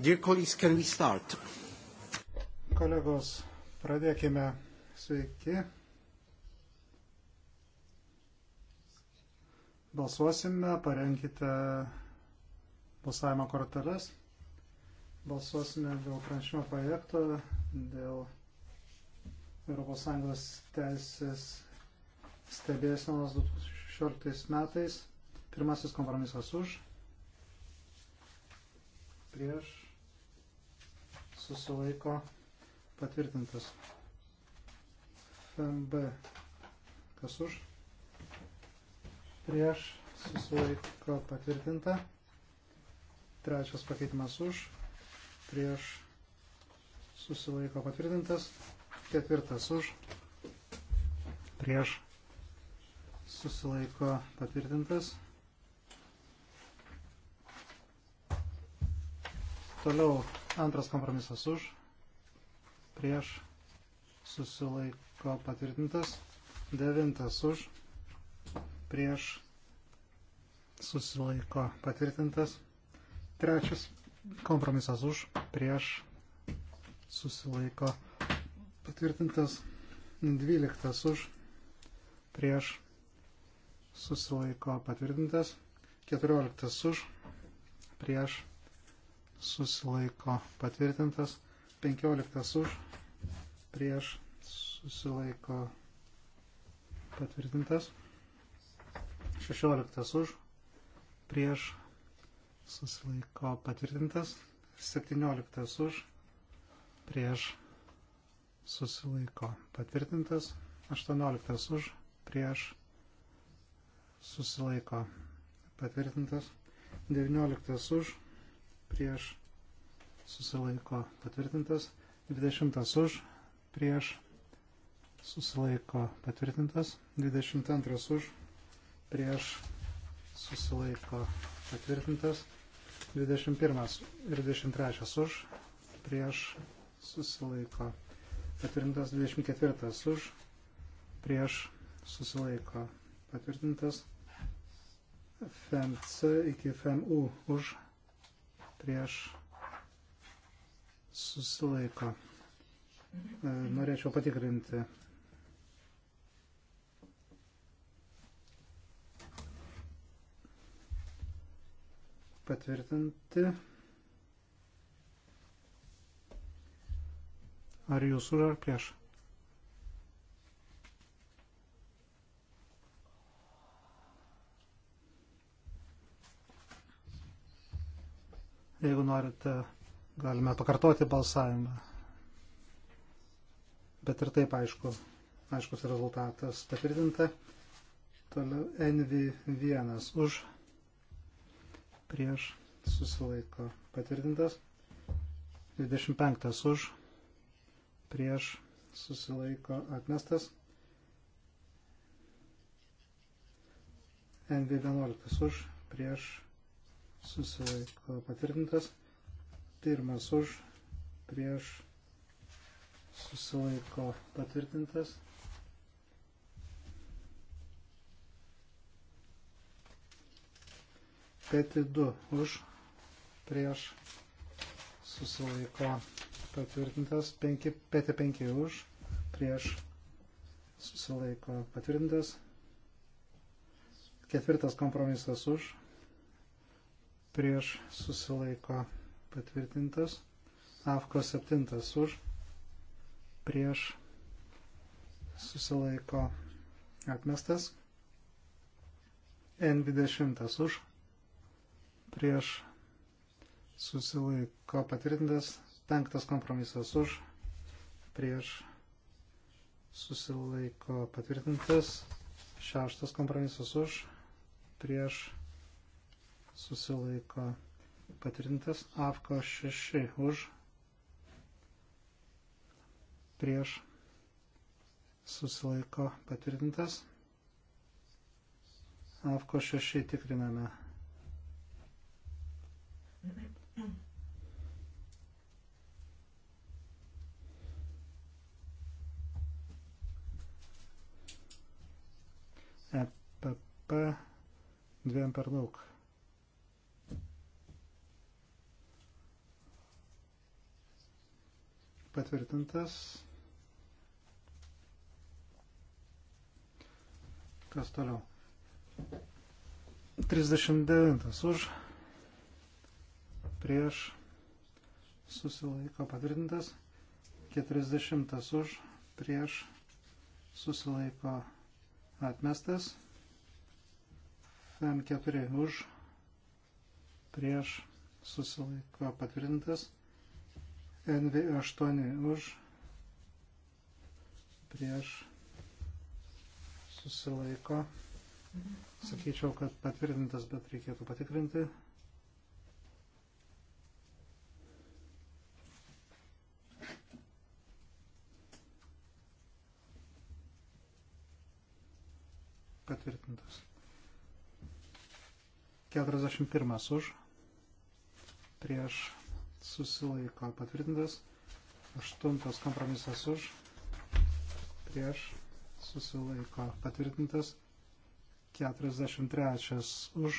Dear colleagues, can we start? Kolegos, pradėkime. Sveiki. Balsuosime, parenkite balsavimo korteles. Balsuosime dėl pranešimo projekto, dėl ES teisės stebėsenos 2016 metais. Pirmasis kompromisas už prieš susilaiko patvirtintas. FMB kas už prieš susilaiko patvirtinta. Trečias pakeitimas už prieš susilaiko patvirtintas. Ketvirtas už prieš susilaiko patvirtintas. Toliau antras kompromisas už, prieš, susilaiko patvirtintas, devintas už, prieš, susilaiko patvirtintas, trečias kompromisas už, prieš, susilaiko patvirtintas, dvyliktas už, prieš, susilaiko patvirtintas, keturioliktas už, prieš, susilaiko patvirtintas, 15 už, prieš susilaiko patvirtintas, 16 už, prieš susilaiko patvirtintas, 17 už, prieš susilaiko patvirtintas, 18 už, prieš susilaiko patvirtintas, 19 už, prieš susilaiko patvirtintas, 20 už, prieš susilaiko patvirtintas, 22 už, prieš susilaiko patvirtintas, 21 ir 23 už, prieš susilaiko patvirtintas, 24 už, prieš susilaiko patvirtintas, FEMC iki FEMU už, prieš susilaiko patvirtintas, prieš susilaiko. E, norėčiau patikrinti. Patvirtinti. Ar jūs už ar prieš? Jeigu norite, galime pakartoti balsavimą. Bet ir taip aišku, aiškus rezultatas patvirtinta. Toliau NV1 už prieš susilaiko patvirtintas. 25 už prieš susilaiko atmestas. NV11 už prieš susilaiko patvirtintas. Pirmas už, prieš, susilaiko patvirtintas. Peti 2 už, prieš, susilaiko patvirtintas. Penki, peti 5 už, prieš, susilaiko patvirtintas. Ketvirtas kompromisas už, prieš susilaiko patvirtintas. Afko 7 už prieš susilaiko atmestas. N20 už prieš susilaiko patvirtintas. Penktas kompromisas už prieš susilaiko patvirtintas. Šeštas kompromisas už prieš susilaiko patvirtintas susilaiko patvirtintas, AFKO 6 už, prieš susilaiko patvirtintas, AFKO 6 tikriname. EPP dviem per daug. patvirtintas. Kas toliau? 39 už, prieš, susilaiko patvirtintas, 40 už, prieš, susilaiko atmestas, FM4 už, prieš, susilaiko patvirtintas, NV8 už prieš susilaiko. Sakyčiau, kad patvirtintas, bet reikėtų patikrinti. Patvirtintas. 41 už prieš susilaiko patvirtintas. Aštuntas kompromisas už, prieš susilaiko patvirtintas. 43 už,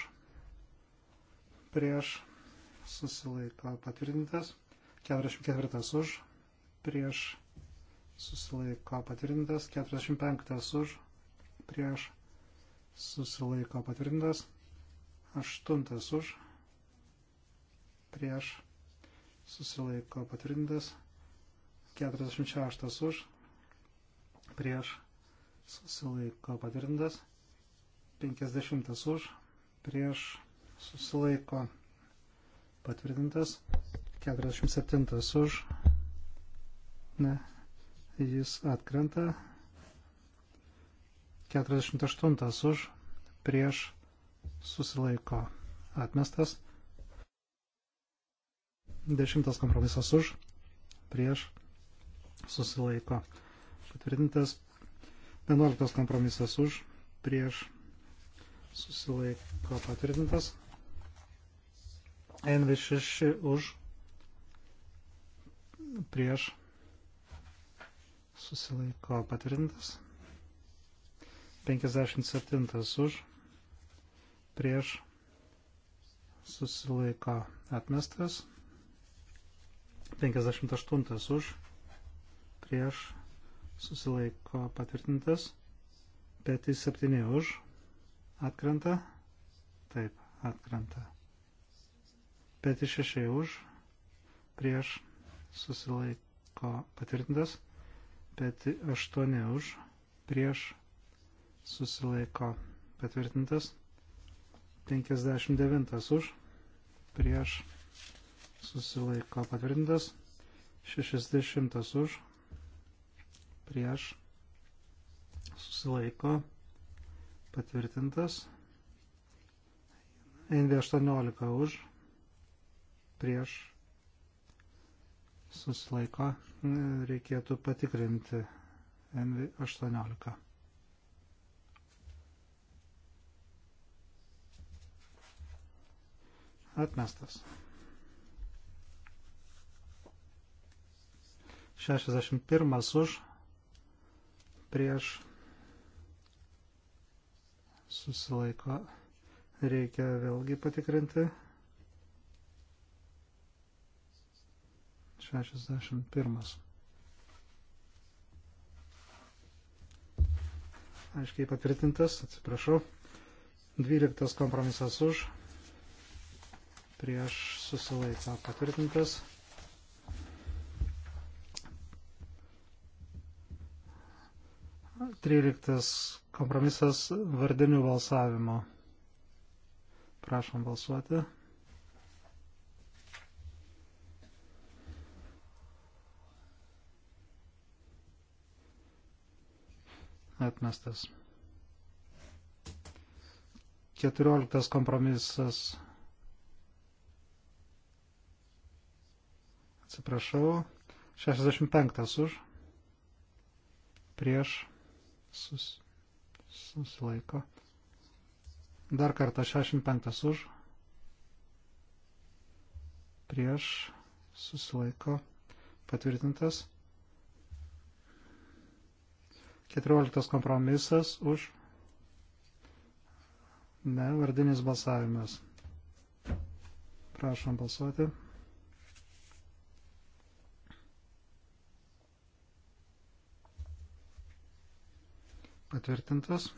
prieš susilaiko patvirtintas. 44 už, prieš susilaiko patvirtintas, 45 už, prieš susilaiko patvirtintas, 8 už, prieš susilaiko patvirtintas, 46 už, prieš susilaiko patvirtintas, 50 už, prieš susilaiko patvirtintas, 47 už, ne, jis atkrenta, 48 už, prieš susilaiko atmestas, Dešimtas kompromisas už, prieš, susilaiko. Patvirtintas. Vienuoliktas kompromisas už, prieš, susilaiko. Patvirtintas. NV6 už, prieš, susilaiko. Patvirtintas. 57 už, prieš, susilaiko. Atmestas. 58 už, prieš, susilaiko patvirtintas, peti 7 už, atkrenta, taip, atkrenta, peti 6 už, prieš, susilaiko patvirtintas, peti 8 už, prieš, susilaiko patvirtintas, 59 už, prieš, susilaiko patvirtintas, susilaiko patvirtintas, 60 už, prieš, susilaiko patvirtintas, NV18 už, prieš, susilaiko, reikėtų patikrinti NV18. Atmestas. 61 už prieš susilaiko. Reikia vėlgi patikrinti. 61. Aiškiai patvirtintas, atsiprašau. 12 kompromisas už prieš susilaiko patvirtintas. 13 kompromisas vardinių balsavimo. Prašom balsuoti. Atmestas. 14 kompromisas. Atsiprašau. 65 už. Prieš sus, susilaiko. Dar kartą 65 už, prieš, susilaiko, patvirtintas. 14 kompromisas už, ne, vardinis balsavimas. Prašom balsuoti. Patvirtintas.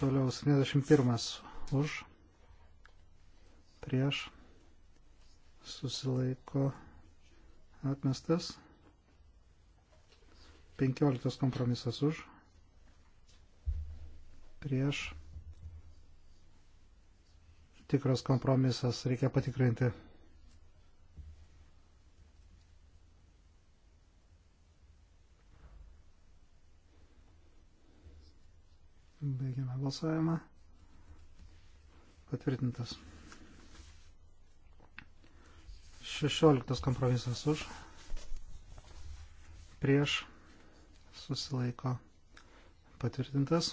Toliau 71 už. Prieš. Susilaiko. Atmestas. 15 kompromisas už. Prieš. Tikras kompromisas reikia patikrinti. balsavimą. Patvirtintas. 16 kompromisas už. Prieš susilaiko patvirtintas.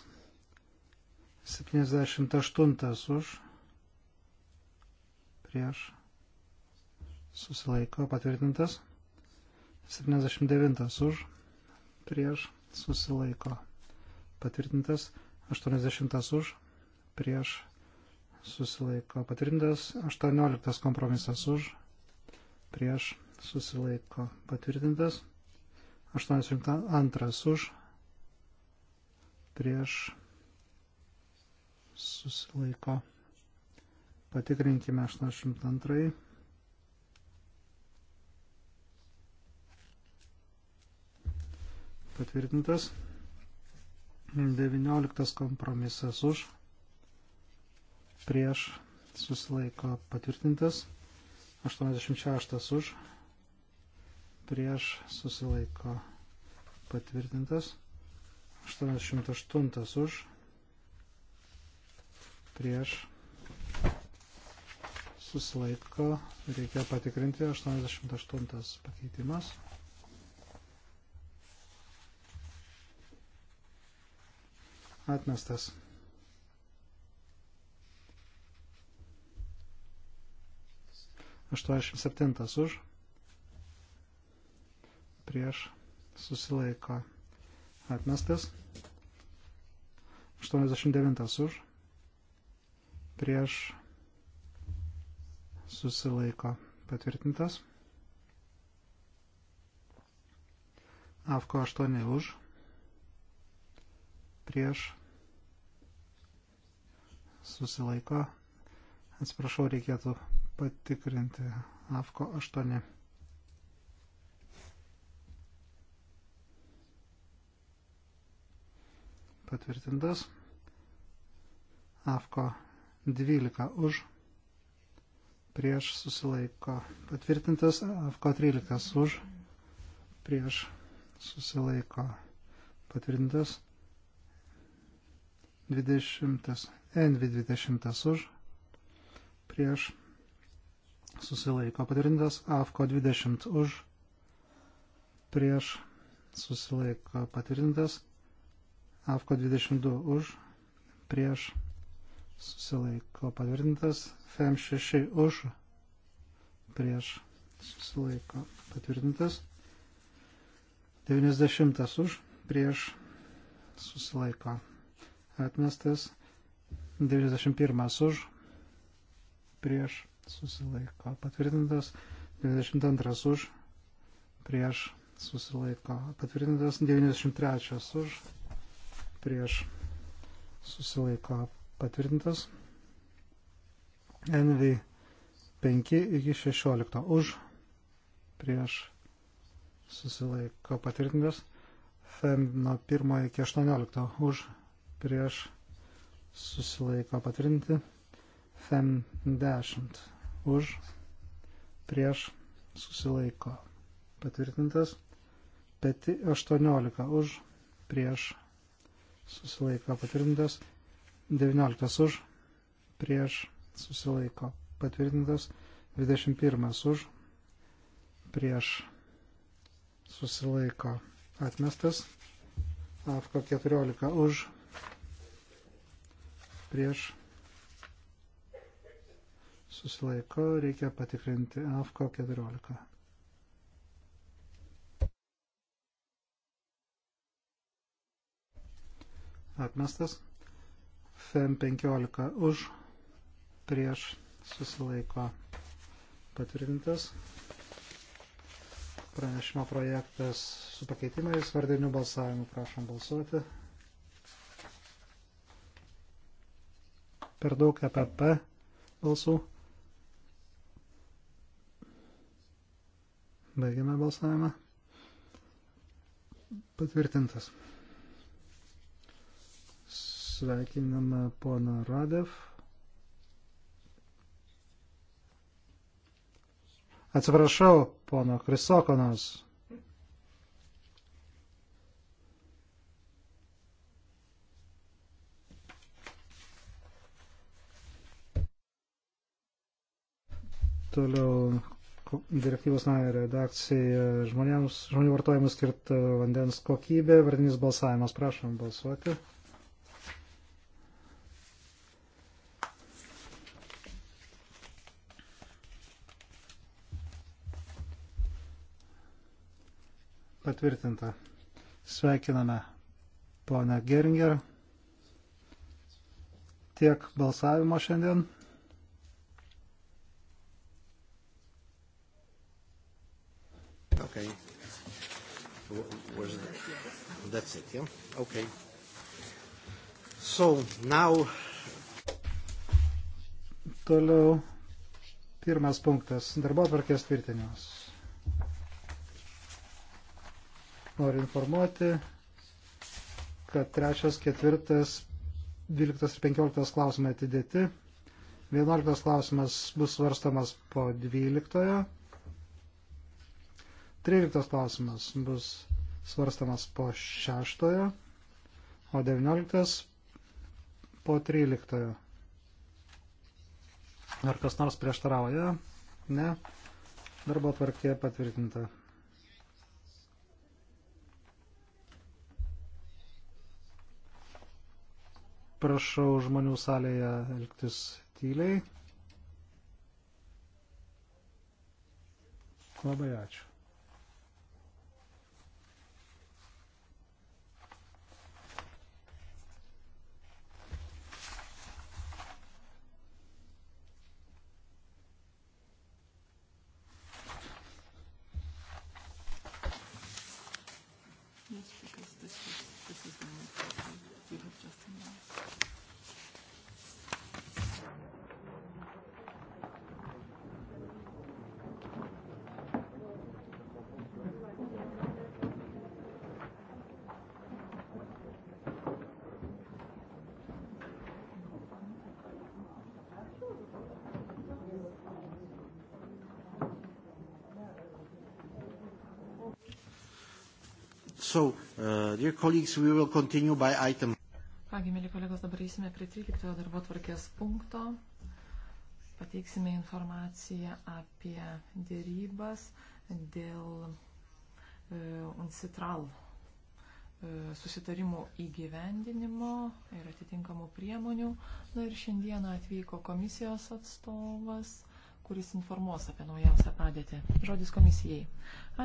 78 už. Prieš susilaiko patvirtintas. 79 už. Prieš susilaiko patvirtintas. 80 už, prieš susilaiko patvirtintas, 18 kompromisas už, prieš susilaiko patvirtintas, 82 už, prieš susilaiko. Patikrinkime 82. Patvirtintas. 19 kompromisas už, prieš susilaiko patvirtintas, 86 už, prieš susilaiko patvirtintas, 88 už, prieš susilaiko, reikia patikrinti 88 pakeitimas. Atmestas. Aštuoniasdešimt septintas už. Prieš susilaiko. Atmestas. 89 už. Prieš susilaiko patvirtintas. AFKO 8 už prieš, susilaiko, atsiprašau, reikėtų patikrinti AFKO 8. Patvirtintas. AFKO 12 už, prieš susilaiko. Patvirtintas AFKO 13 už, prieš susilaiko. Patvirtintas 20, NV20 už, prieš, susilaiko patvirtintas, AFKO 20 už, prieš, susilaiko patvirtintas, AFKO 22 už, prieš, susilaiko patvirtintas, FEM 6 už, prieš, susilaiko patvirtintas, 90 už, prieš, susilaiko patvirtintas atmestas, 91 už, prieš susilaiko patvirtintas, 92 už, prieš susilaiko patvirtintas, 93 už, prieš susilaiko patvirtintas, NV 5 iki 16 už, prieš susilaiko patvirtintas, FEM nuo 1 iki 18 už, prieš prieš susilaiko patvirtinti. FEM 10 už prieš susilaiko patvirtintas. Peti 18 už prieš susilaiko patvirtintas. 19 už prieš susilaiko patvirtintas. 21 už prieš susilaiko atmestas. AFKO 14 už prieš susilaiko, reikia patikrinti AFKO 14. Atmestas. FEM 15 už, prieš susilaiko patvirtintas. Pranešimo projektas su pakeitimais, vardiniu balsavimu prašom balsuoti. per daug EPP balsų. Baigiame balsavimą. Patvirtintas. Sveikiname poną Radev. Atsiprašau, pono Krisokonos. Toliau direktyvos nario redakcija žmonėms, žmonių vartojimų skirta vandens kokybė, vardinis balsavimas, prašom balsuoti. Patvirtinta. Sveikiname ponę Geringer. Tiek balsavimo šiandien. Okay. Where's that? That's it, yeah? Okay. So now. Toliau pirmas punktas - darbo atvarkės tvirtinimas. Noriu informuoti, kad trečias, ketvirtas, dvyliktas ir penkioliktas klausimai atidėti. Vienuoliktas klausimas bus svarstamas po dvyliktojo 13 klausimas bus svarstamas po 6, o 19 po 13. Ar kas nors prieštarauja? Ne. Darbo tvarkė patvirtinta. Prašau žmonių salėje elgtis tyliai. Labai ačiū. So, uh, dear colleagues, we will continue by item. Kągi, mėly kolegos, dabar eisime prie 13 darbo tvarkės punkto. Pateiksime informaciją apie dėrybas dėl uh, UNCITRAL e, susitarimų įgyvendinimo ir atitinkamų priemonių. Na ir šiandieną atvyko komisijos atstovas, kuris informuos apie naujausią padėtį. Žodis komisijai.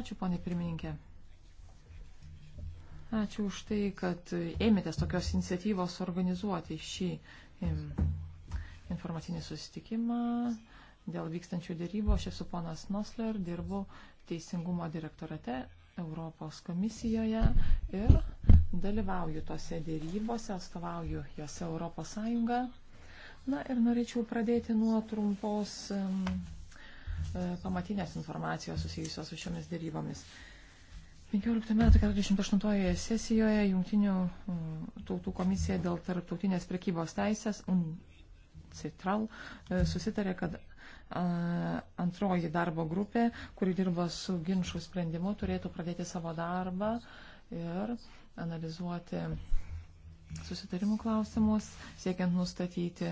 Ačiū, ponė pirmininkė. Ačiū už tai, kad ėmėtės tokios iniciatyvos organizuoti šį informacinį susitikimą dėl vykstančių dėrybų. Aš esu ponas Nosler, dirbu Teisingumo direktorate Europos komisijoje ir dalyvauju tose dėrybose, atstovauju jose Europos Sąjungą. Na ir norėčiau pradėti nuo trumpos um, pamatinės informacijos susijusios su šiomis dėrybomis. 15 metų 48 sesijoje Jungtinių mm, tautų komisija dėl tarptautinės prekybos teisės UNCITRAL e, susitarė, kad antroji darbo grupė, kuri dirba su ginčių sprendimu, turėtų pradėti savo darbą ir analizuoti susitarimų klausimus, siekiant nustatyti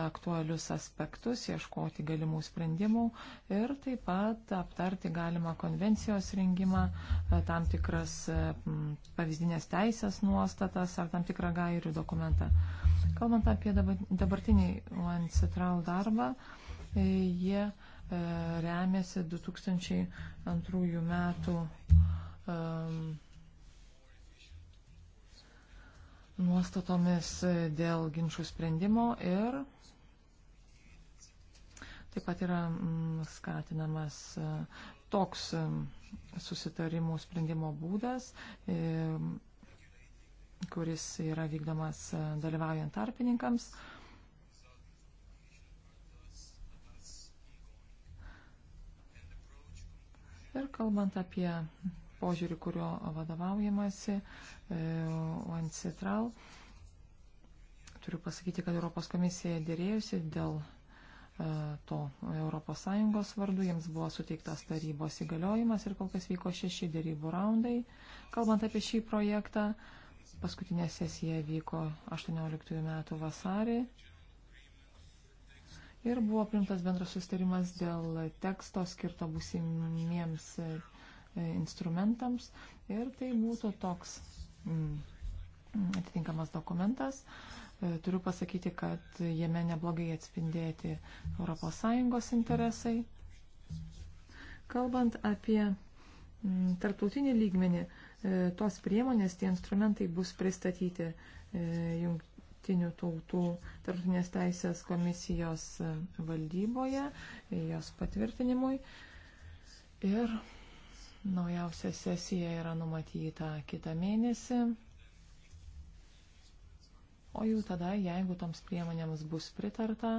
aktualius aspektus, ieškoti galimų sprendimų ir taip pat aptarti galimą konvencijos rengimą, tam tikras pavyzdinės teisės nuostatas ar tam tikrą gairių dokumentą. Kalbant apie dabartinį UNCITRAL darbą, jie e, remiasi 2002 metų um, nuostatomis dėl ginčių sprendimo ir taip pat yra mm, skatinamas e, toks e, susitarimų sprendimo būdas, e, kuris yra vykdomas dalyvaujant tarpininkams. Ir kalbant apie požiūrį, kurio vadovaujamasi UNCITRAL. E, Turiu pasakyti, kad Europos komisija dėrėjusi dėl e, to ES vardu, jiems buvo suteiktas tarybos įgaliojimas ir kol kas vyko šeši dėrybų raundai. Kalbant apie šį projektą, paskutinė sesija vyko 18 metų vasarį ir buvo primtas bendras sustarimas dėl teksto skirto būsimiems E, instrumentams ir tai būtų toks mm, atitinkamas dokumentas. E, turiu pasakyti, kad jame neblogai atspindėti ES interesai. Kalbant apie mm, tarptautinį lygmenį, e, tos priemonės, tie instrumentai bus pristatyti jungtinių tautų tarptautinės teisės komisijos valdyboje, jos patvirtinimui. Ir Naujausia sesija yra numatyta kitą mėnesį. O jau tada, jeigu toms priemonėms bus pritarta,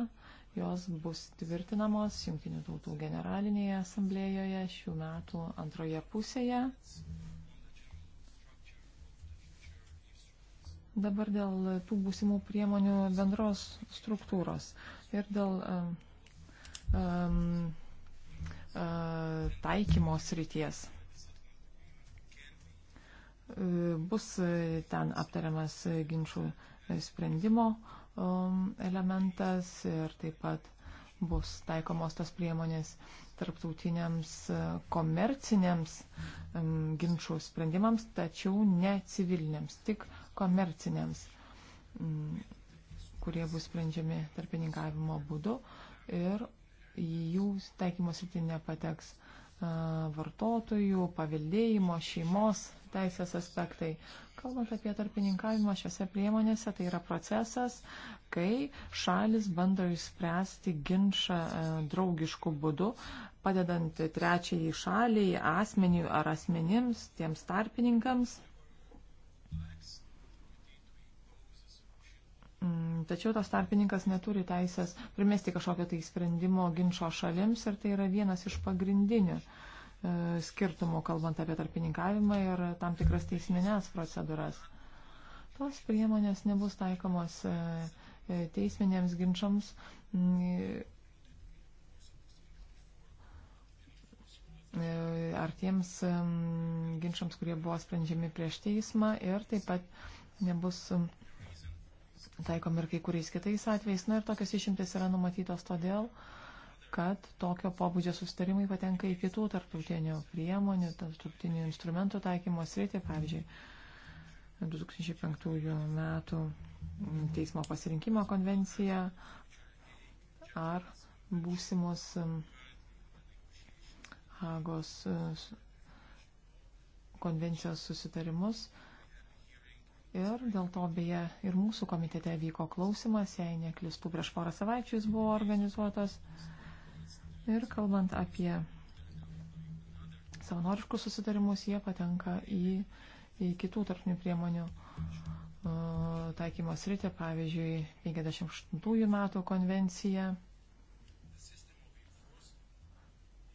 jos bus tvirtinamos Junktinių tautų generalinėje asamblėjoje šių metų antroje pusėje. Dabar dėl tų būsimų priemonių bendros struktūros ir dėl um, um, uh, taikymo srities bus ten aptariamas ginčių sprendimo um, elementas ir taip pat bus taikomos tos priemonės tarptautiniams e, komerciniams ginčių sprendimams, tačiau ne civiliniams, tik komerciniams, kurie bus sprendžiami tarpininkavimo būdu ir jų taikymo srity nepateks uh, vartotojų, paveldėjimo, šeimos teisės aspektai. Kalbant apie tarpininkavimą šiuose priemonėse, tai yra procesas, kai šalis bando išspręsti ginčą draugišku būdu, padedant trečiai šaliai, asmeniui ar asmenims, tiems tarpininkams. Tačiau tas tarpininkas neturi teisės primesti kažkokio tai sprendimo ginčio šalims ir tai yra vienas iš pagrindinių e, skirtumų, kalbant apie tarpininkavimą ir tam tikras teisminės procedūras. Tos priemonės nebus taikomos e, e, teisminėms ginčiams. Mm, ar tiems mm, ginčiams, kurie buvo sprendžiami prieš teismą ir taip pat nebus mm, taikom ir kai kuriais kitais atvejais. Na ir tokios išimtis yra numatytos todėl, kad tokio pobūdžio sustarimai patenka į kitų tarptautinių priemonių, tarptautinių instrumentų taikymo sritį, pavyzdžiui, 2005 metų teismo pasirinkimo konvencija ar būsimus um, Hagos uh, konvencijos susitarimus Ir dėl to beje ir mūsų komitete vyko klausimas, jei neklistų prieš porą savaičių jis buvo organizuotas. Ir kalbant apie savanoriškus susitarimus, jie patenka į, į kitų tarpinių priemonių uh, taikymo sritį, pavyzdžiui, 58 metų konvencija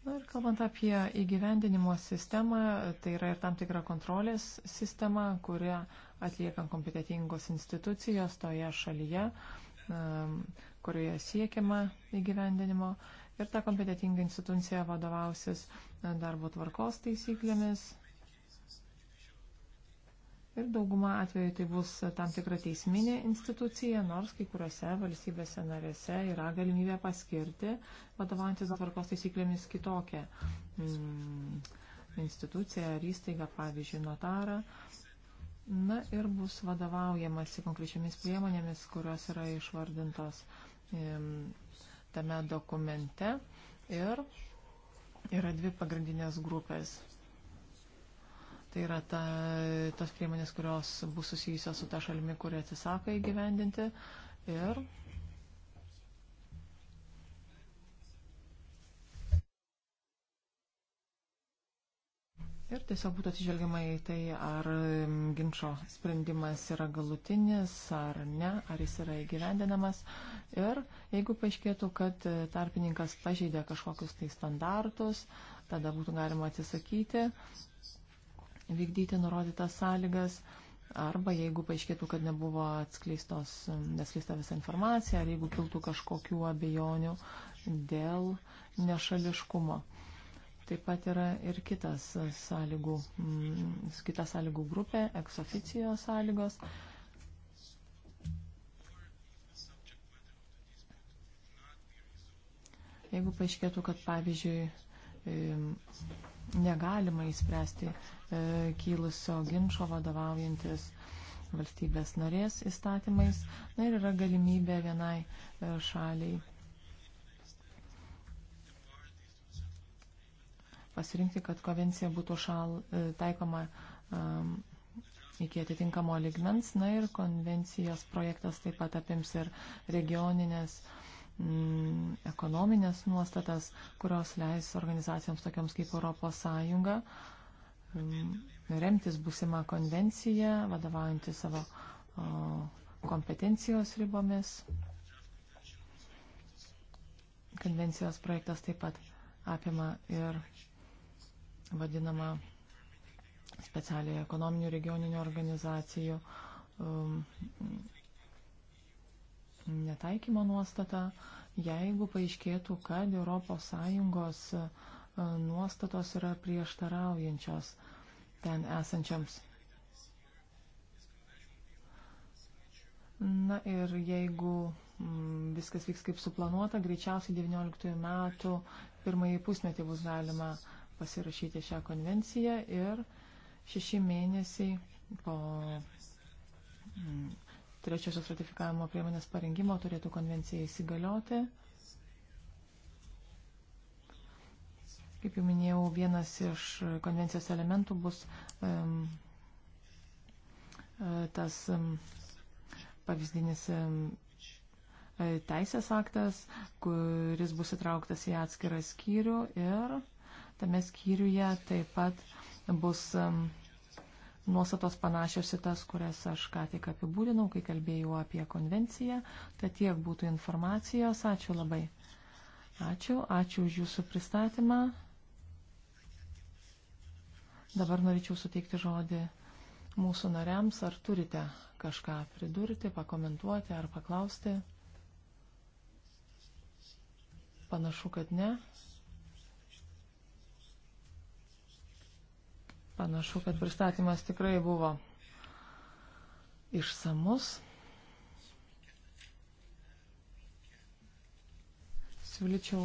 Na ir kalbant apie įgyvendinimo sistemą, tai yra ir tam tikra kontrolės sistema, kurią atliekant kompetitingos institucijos toje šalyje, kurioje siekiama įgyvendinimo. Ir ta kompetitinga institucija vadovausis e, darbo tvarkos taisyklėmis, Ir dauguma atveju tai bus tam tikra teisminė institucija, nors kai kuriuose valstybėse narėse yra galimybė paskirti, vadovantis tvarkos taisyklėmis kitokią mm, instituciją ar įstaigą, pavyzdžiui, notarą. Na ir bus vadovaujamasi konkrečiamis priemonėmis, kurios yra išvardintos mm, tame dokumente. Ir yra dvi pagrindinės grupės Tai yra ta, tos priemonės, kurios bus susijusios su ta šalimi, kuri atsisako įgyvendinti. Ir Ir tiesiog būtų atsižvelgiama į tai, ar mm, ginčio sprendimas yra galutinis, ar ne, ar jis yra įgyvendinamas. Ir jeigu paaiškėtų, kad tarpininkas pažeidė kažkokius tai standartus, tada būtų galima atsisakyti vykdyti nurodytas sąlygas, arba jeigu paaiškėtų, kad nebuvo atskleistos, neskleista visa informacija, ar jeigu kiltų kažkokių abejonių dėl nešališkumo. Taip pat yra ir kitas sąlygų, mm, kita sąlygų grupė, eksoficijo sąlygos. Jeigu paaiškėtų, kad pavyzdžiui negalima įspręsti e, kylusio ginčio vadovaujantis valstybės narės įstatymais. Na ir yra galimybė vienai e, šaliai pasirinkti, kad konvencija būtų šal, e, taikoma um, iki atitinkamo ligmens. Na ir konvencijos projektas taip pat apims ir regioninės uh, mm, ekonominės nuostatas, kurios leis organizacijoms tokiams kaip Europos Sąjunga mm, remtis būsimą konvenciją, vadovaujantį savo o, kompetencijos ribomis. Konvencijos projektas taip pat apima ir vadinamą specialiai ekonominių regioninių organizacijų um, netaikymo nuostatą, jeigu paaiškėtų, kad ES e, nuostatos yra prieštaraujančios ten esančiams. Na ir jeigu mm, viskas vyks kaip suplanuota, greičiausiai 19 metų pirmąjį pusmetį bus galima pasirašyti šią konvenciją ir šeši mėnesiai po mm, trečiosios ratifikavimo priemonės parengimo turėtų konvencija įsigalioti. Kaip jau minėjau, vienas iš konvencijos elementų bus um, tas um, pavyzdinis um, teisės aktas, kuris bus įtrauktas į atskirą skyrių ir tame skyriuje taip pat bus um, nuostatos panašios į tas, kurias aš ką tik apibūdinau, kai kalbėjau apie konvenciją. Tad tiek būtų informacijos. Ačiū labai. Ačiū, ačiū už Jūsų pristatymą. Dabar norėčiau suteikti žodį mūsų nariams. Ar turite kažką pridurti, pakomentuoti ar paklausti? Panašu, kad ne. Panašu, kad pristatymas tikrai buvo išsamus. Siūlyčiau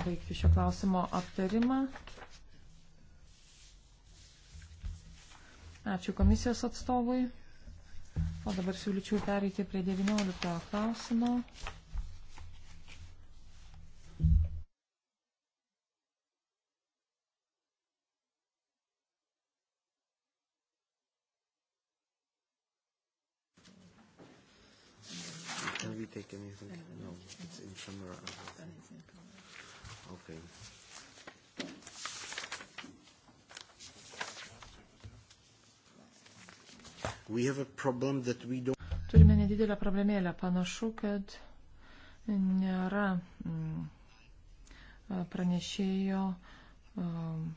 baigti šio klausimo aptarimą. Ačiū komisijos atstovui. O dabar siūlyčiau pereiti prie 19 klausimo. not take anything? No, it's in camera. Okay. We have a problem that we don't... Turime nedidelę problemėlę. Panašu, kad nėra mm, pranešėjo um,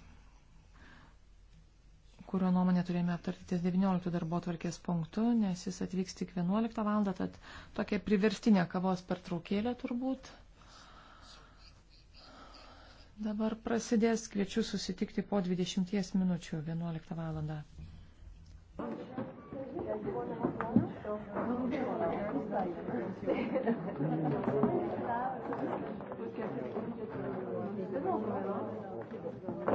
kurio nuomonę turėjome aptarti ties 19 darbo tvarkės punktu, nes jis atvyks tik 11 val. Tad tokia priverstinė kavos pertraukėlė turbūt. Dabar prasidės, kviečiu susitikti po 20 minučių 11 val. Thank you.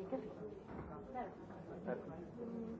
ikke. Det er det.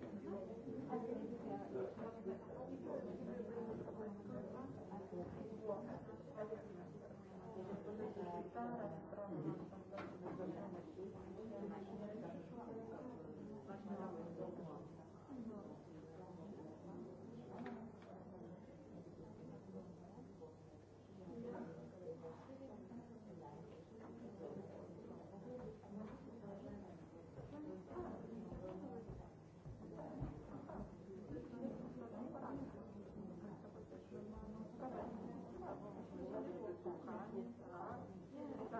Thank you.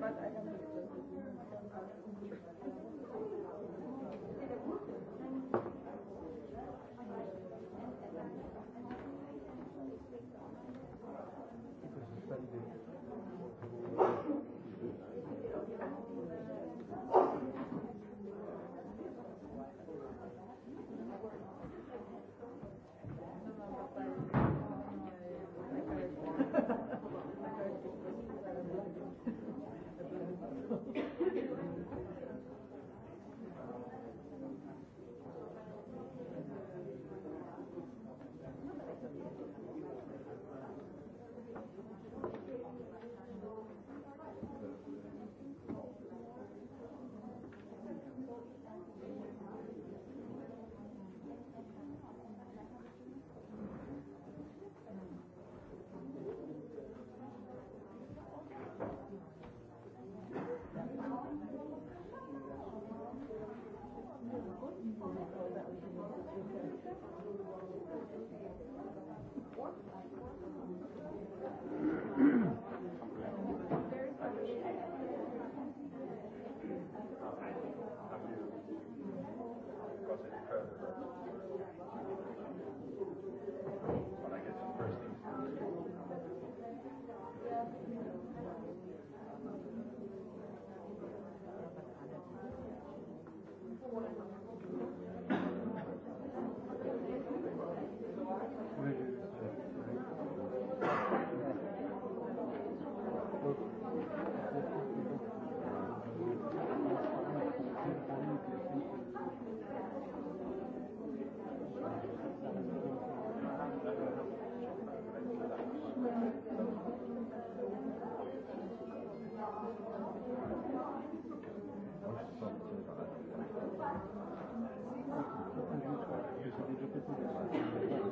But I don't think so. Thank you.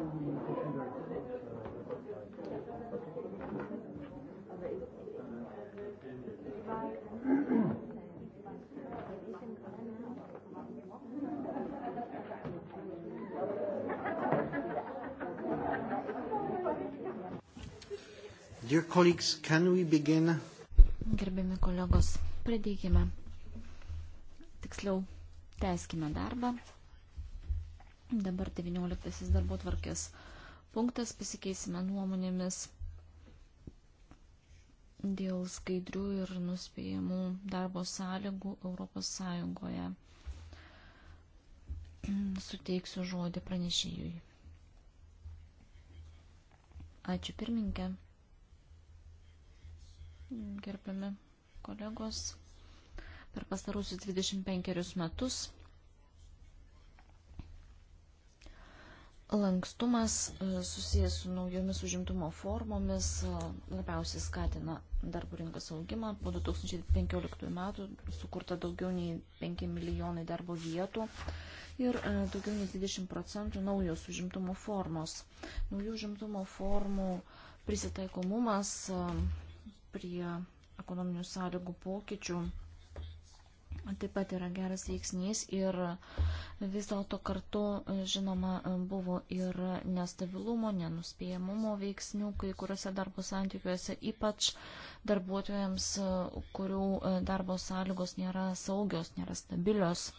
Dear colleagues, can we begin? Gerbiami kolegos, pradėkime. Tiksliau, tęskime darbą. Dabar 19 darbo tvarkės punktas, pasikeisime nuomonėmis dėl skaidrių ir nuspėjimų darbo sąlygų ES. Suteiksiu žodį pranešėjui. Ačiū pirmininkė. Gerbiami kolegos, per pastarusius 25 metus Lankstumas e, susijęs su naujomis užimtumo formomis e, labiausiai skatina darbo rinkos augimą. Po 2015 metų sukurta daugiau nei 5 milijonai darbo vietų ir e, daugiau nei 20 procentų naujos užimtumo formos. Naujų užimtumo formų prisitaikomumas prie ekonominių sąlygų pokyčių taip pat yra geras veiksnys ir vis dėlto kartu, e, žinoma, e, buvo ir nestabilumo, nenuspėjamumo veiksnių kai kuriuose darbo santykiuose, ypač darbuotojams, e, kurių darbo sąlygos nėra saugios, nėra stabilios.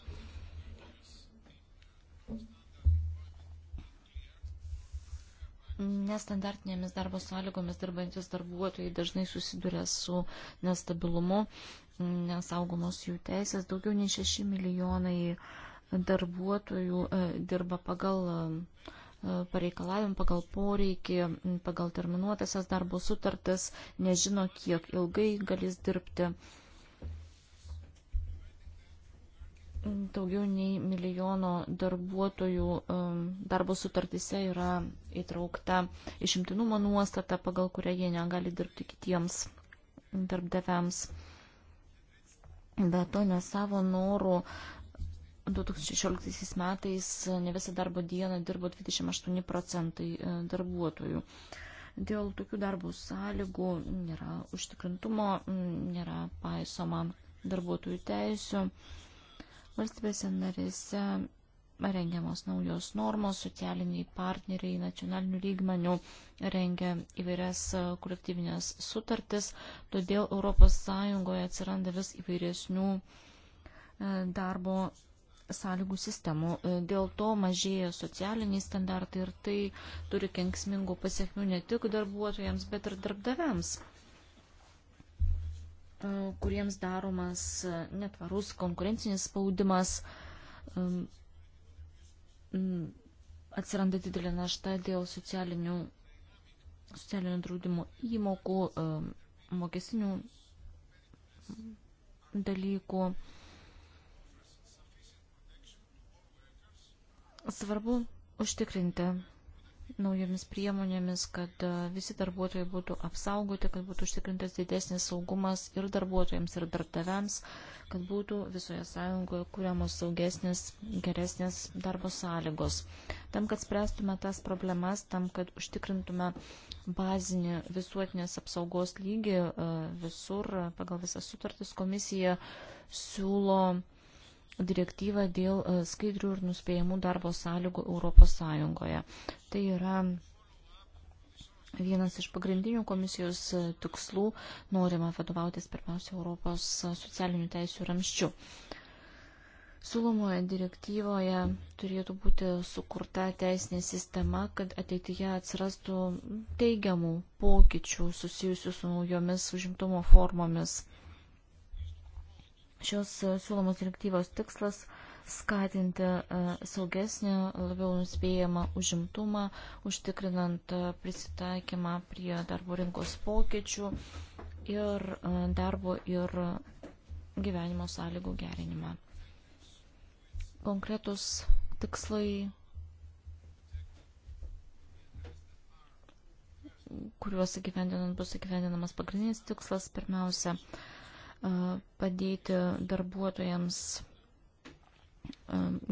Nestandartinėmis darbo sąlygomis dirbantis darbuotojai dažnai susiduria su nestabilumu, nesaugomos jų teisės. Daugiau nei 6 milijonai darbuotojų e, dirba pagal e, pareikalavim pagal poreikį, pagal terminuotasias darbo sutartas, nežino, kiek ilgai galės dirbti. Daugiau nei milijono darbuotojų e, darbo sutartise yra įtraukta išimtinumo nuostata, pagal kurią jie negali dirbti kitiems darbdaviams. Be to, ne savo norų 2016 metais ne visą darbo dieną dirbo 28 procentai e, darbuotojų. Dėl tokių darbų sąlygų nėra užtikrintumo, nėra paisoma darbuotojų teisių. Valstybėse narėse rengiamos naujos normos, socialiniai partneriai nacionalinių lygmenių rengia įvairias e, kolektyvinės sutartis, todėl ES atsiranda vis įvairesnių e, darbo sąlygų sistemų. E, dėl to mažėja socialiniai standartai ir tai turi kenksmingų pasiekmių ne tik darbuotojams, bet ir darbdaviams kuriems daromas netvarus konkurencinis spaudimas, Mm, atsiranda didelė našta dėl socialinių, socialinių draudimo įmokų, mokesinių dalykų. Svarbu užtikrinti naujomis priemonėmis, kad e, visi darbuotojai būtų apsaugoti, kad būtų užtikrintas didesnis saugumas ir darbuotojams, ir darbdaviams, kad būtų visoje sąjungoje kūriamos saugesnės, geresnės darbo sąlygos. Tam, kad spręstume tas problemas, tam, kad užtikrintume bazinį visuotinės apsaugos lygį e, visur pagal visas sutartis, komisija siūlo direktyvą dėl e, skaidrių ir nuspėjamų darbo sąlygų Europos Sąjungoje. Tai yra vienas iš pagrindinių komisijos e, tikslų, norima vadovautis pirmiausia Europos socialinių teisių ramščių. Siūlomoje direktyvoje turėtų būti sukurta teisinė sistema, kad ateityje atsirastų teigiamų pokyčių susijusių su naujomis užimtumo formomis. Šios e, siūlomos direktyvos tikslas skatinti e, saugesnį, labiau nuspėjamą užimtumą, užtikrinant e, prisitaikymą prie darbo rinkos pokyčių ir darbo ir gyvenimo sąlygų gerinimą. Konkretus tikslai, kuriuos įgyvendinant bus įgyvendinamas pagrindinis tikslas, pirmiausia, padėti darbuotojams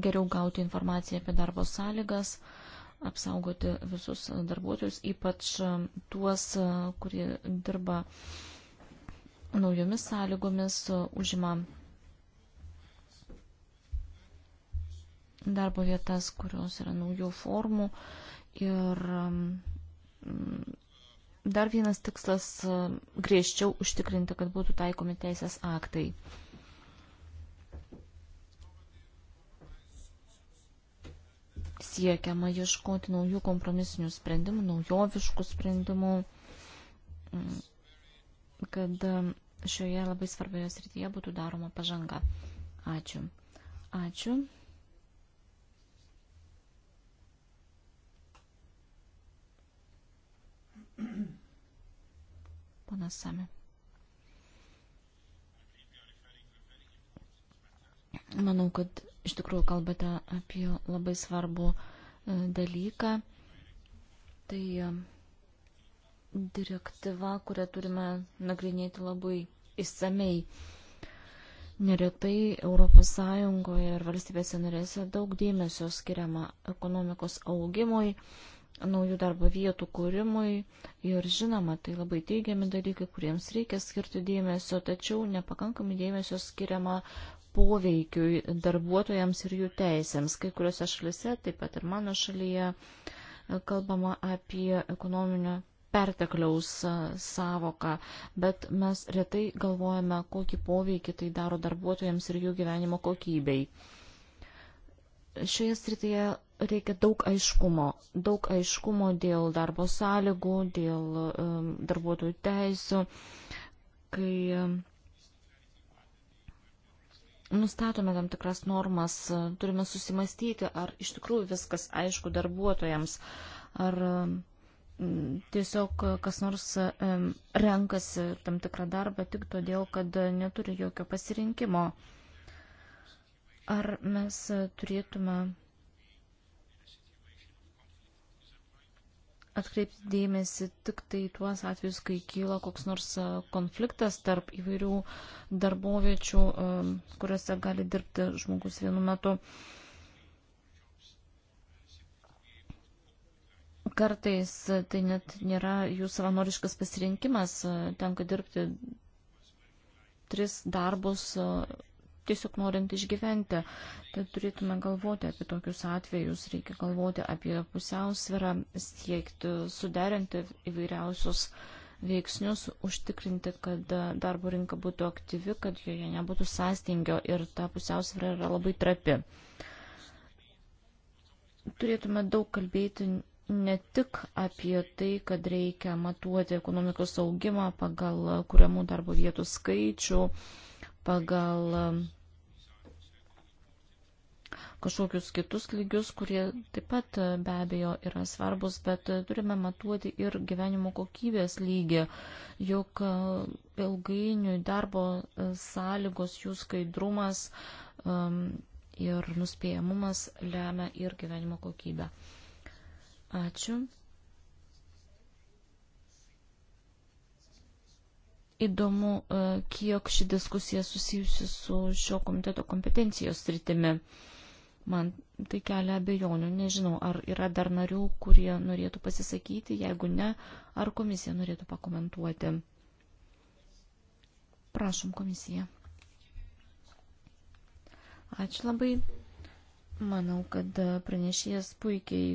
geriau gauti informaciją apie darbo sąlygas, apsaugoti visus darbuotojus, ypač tuos, kurie dirba naujomis sąlygomis, užima darbo vietas, kurios yra naujų formų ir Dar vienas tikslas e, - griežčiau užtikrinti, kad būtų taikomi teisės aktai. Siekiama ieškoti naujų kompromisinių sprendimų, naujoviškų sprendimų, kad e, šioje labai svarbioje srityje būtų daroma pažanga. Ačiū. Ačiū. Ponas Sami. Manau, kad iš tikrųjų kalbate apie labai svarbų e, dalyką. Tai e, direktyva, kurią turime nagrinėti labai įsamei. Neretai ES ir valstybėse narėse daug dėmesio skiriama ekonomikos augimui, naujų darbo vietų kūrimui ir žinoma, tai labai teigiami dalykai, kuriems reikia skirti dėmesio, tačiau nepakankamai dėmesio skiriama poveikiui darbuotojams ir jų teisėms. Kai kuriuose šalise, taip pat ir mano šalyje, kalbama apie ekonominio pertekliaus savoką, bet mes retai galvojame, kokį poveikį tai daro darbuotojams ir jų gyvenimo kokybei. Šioje srityje reikia daug aiškumo. Daug aiškumo dėl darbo sąlygų, dėl um, darbuotojų teisų, kai um, nustatome tam tikras normas, turime susimastyti, ar iš tikrųjų viskas aišku darbuotojams, ar um, tiesiog kas nors um, renkasi tam tikrą darbą tik todėl, kad neturi jokio pasirinkimo. Ar mes turėtume atkreipti dėmesį tik tai tuos atvejus, kai kyla koks nors konfliktas tarp įvairių darboviečių, kuriuose gali dirbti žmogus vienu metu. Kartais tai net nėra jų savanoriškas pasirinkimas, tenka dirbti tris darbus tiesiog norint išgyventi. Tad turėtume galvoti apie tokius atvejus, reikia galvoti apie pusiausvirą, siekti suderinti įvairiausius veiksnius, užtikrinti, kad darbo rinka būtų aktyvi, kad joje nebūtų sąstingio ir ta pusiausvėra yra labai trapi. Turėtume daug kalbėti ne tik apie tai, kad reikia matuoti ekonomikos augimą pagal kuriamų darbo vietų skaičių, pagal kažkokius kitus lygius, kurie taip pat e, be abejo yra svarbus, bet e, turime matuoti ir gyvenimo kokybės lygį, juk e, ilgainiui darbo sąlygos, jų skaidrumas ir nuspėjamumas lemia ir gyvenimo kokybę. Ačiū. įdomu, kiek ši diskusija susijusi su šio komiteto kompetencijos rytimi. Man tai kelia abejonių, nežinau, ar yra dar narių, kurie norėtų pasisakyti, jeigu ne, ar komisija norėtų pakomentuoti. Prašom komisiją. Ačiū labai. Manau, kad pranešėjas puikiai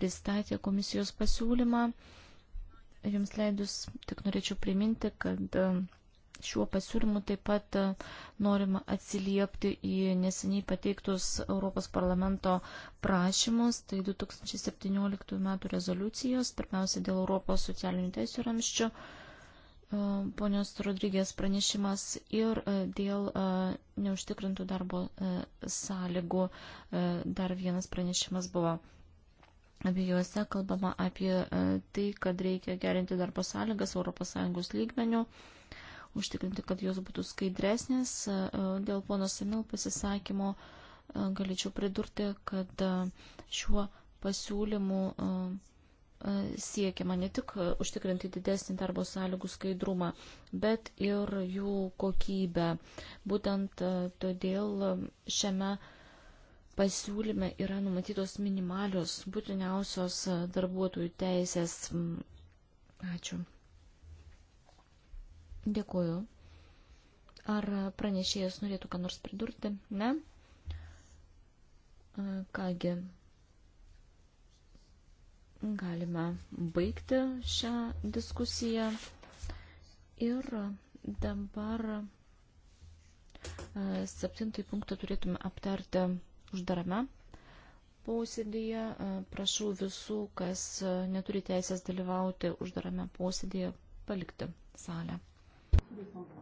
pristatė komisijos pasiūlymą. Jums leidus tik norėčiau priminti, kad Šiuo pasiūlymu taip pat e, norima atsiliepti į neseniai pateiktus Europos parlamento prašymus, tai 2017 m. rezoliucijos, pirmiausia dėl Europos socialinių teisų ramščių, e, ponios Rodrygės pranešimas ir e, dėl neužtikrintų darbo sąlygų dar vienas pranešimas buvo. Abiejose kalbama apie tai, kad reikia gerinti darbo sąlygas ES lygmenių užtikrinti, kad jos būtų skaidresnės. E, e, dėl pono Semil pasisakymo e, galėčiau pridurti, kad šiuo pasiūlymu siekiama ne tik užtikrinti didesnį darbo sąlygų skaidrumą, bet ir jų kokybę. Būtent todėl šiame pasiūlyme yra numatytos minimalios būtiniausios darbuotojų teisės. Ačiū. Dėkuoju. Ar pranešėjas norėtų ką nors pridurti? Ne? Kągi, galime baigti šią diskusiją. Ir dabar septintąjį punktą turėtume aptarti uždarame posėdėje. Prašau visų, kas neturi teisės dalyvauti uždarame posėdėje, palikti salę tous les centres.